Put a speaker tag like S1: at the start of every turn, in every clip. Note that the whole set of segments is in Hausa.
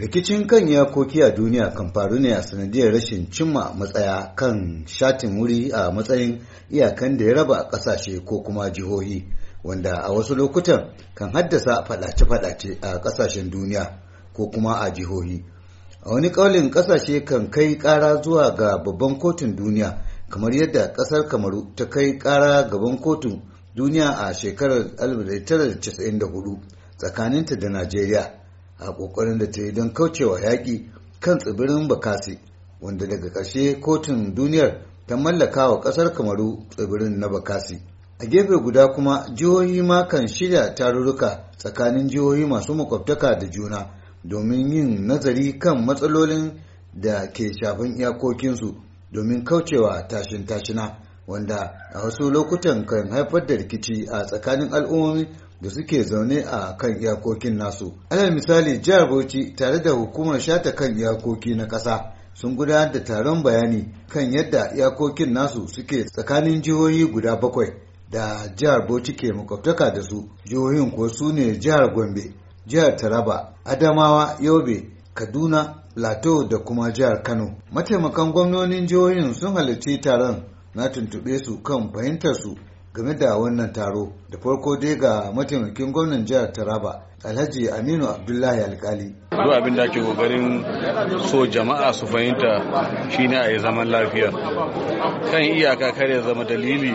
S1: rikicin kan iyakoki a duniya kan faru ne a sanadiyar rashin cimma matsaya kan shatin wuri a matsayin iyakan da ya raba kasashe ko kuma jihohi wanda a wasu lokutan kan haddasa fadace-fadace a kasashen duniya ko kuma a jihohi a wani kaulin kasashe kan kai kara zuwa ga babban kotun duniya kamar yadda kasar kamaru ta kai kara gaban kotun duniya a shekarar 1994 tsakaninta da najeriya a kokarin da ta yi don kaucewa yaƙi kan tsibirin bakasi wanda daga ƙarshe kotun duniyar ta mallaka wa ƙasar kamaru tsibirin na bakasi a gefe guda kuma jihohi ma kan shirya tarurruka tsakanin jihohi masu makwabtaka da juna domin yin nazari kan matsalolin da ke shafin iyakokinsu domin kaucewa tashin tashina wanda a wasu lokutan kan haifar da rikici a tsakanin al'ummomi da suke zaune a kan iyakokin nasu alal misali jihar bauchi tare da hukumar shata kan iyakoki na ƙasa sun gudanar da taron bayani kan yadda iyakokin nasu suke tsakanin jihohi guda bakwai da jihar bauchi ke makwabtaka da su jihohin ko su ne jihar gombe jihar taraba adamawa yobe kaduna lato da kuma jihar kano mataimakan gwamnonin jihohin sun halarci taron na tuntuɓe su kan fahimtar su game da wannan taro da farko dai ga mataimakin gwamnan jihar taraba alhaji aminu abdullahi alkali duk abin da
S2: ake kokarin so jama'a su fahimta shine a yi zaman lafiya kan iyaka kar zama dalili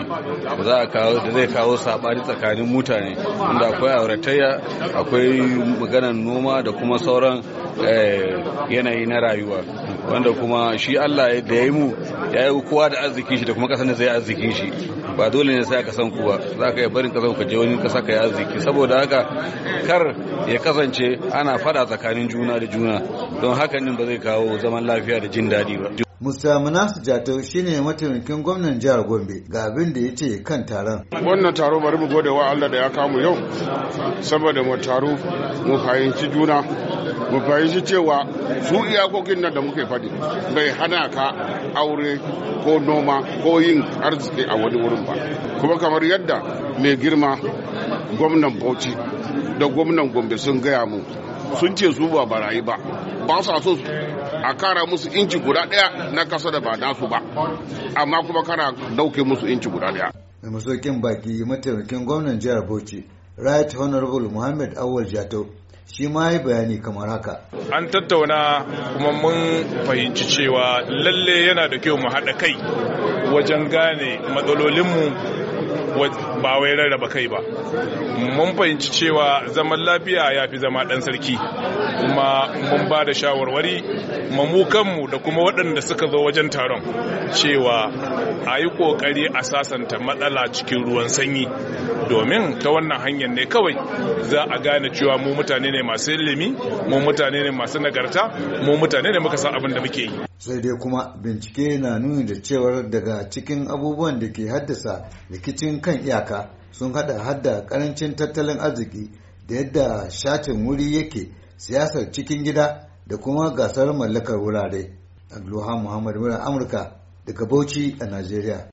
S2: za a kawo da zai kawo sabani tsakanin mutane inda akwai auratayya akwai maganar noma da kuma sauran eh, yanayi na rayuwa wanda kuma shi Allah da ya yi mu ya yi kowa da arzikin shi da kuma kasan da zai arzikin shi ba dole ne sai ka san ba za ka yi barin kasar ka je wani kasa ka yi arziki saboda haka kar ya kasance ana fada tsakanin juna da juna don hakan ba zai kawo zaman lafiya da jin daɗi ba
S1: Musa Manasu Jatau shine mataimakin gwamnan jihar Gombe ga abin da ya ce kan taron.
S2: Wannan taro bari mu gode wa Allah da ya
S3: kamu yau saboda mu taro mu fahimci juna mu fahimci cewa su iyakokin nan da muke faɗi bai hana ka aure ko noma ko yin arziki a wani wurin ba kuma kamar yadda mai girma gwamnan bauchi da gwamnan gombe sun gaya mu sun ce su ba barayi ba ba sa so a kara musu inci guda ɗaya na kasa da ba nasu ba amma kuma kana dauke musu inci guda ɗaya.
S1: mai masaukin baki mataimakin gwamnan jihar bauchi right honorable muhammad awal jato shi ma yi bayani kamar haka
S4: an tattauna kuma mun fahimci cewa lalle yana da kyau mu haɗa kai wajen gane matsalolinmu ba wai rarraba kai ba mun fahimci cewa zaman lafiya ya fi zama dan sarki kuma mun ba da shawarwari mu kanmu da kuma waɗanda suka zo wajen taron cewa a yi ƙoƙari a sasanta matsala cikin ruwan sanyi domin ta wannan hanyar ne kawai za a gane cewa mu mutane ne masu ilimi mu mutane ne masu nagarta mu mutane ne muka san abin da muke yi
S1: sai dai kuma bincike na nuni da cewar daga cikin abubuwan da ke haddasa rikicin kan iyaka haka sun hada hadda karancin tattalin arziki da yadda shatin wuri yake siyasar cikin gida da kuma gasar mallakar wurare. Abdulhamid Muhammad Amurka daga Bauchi
S2: a Najeriya.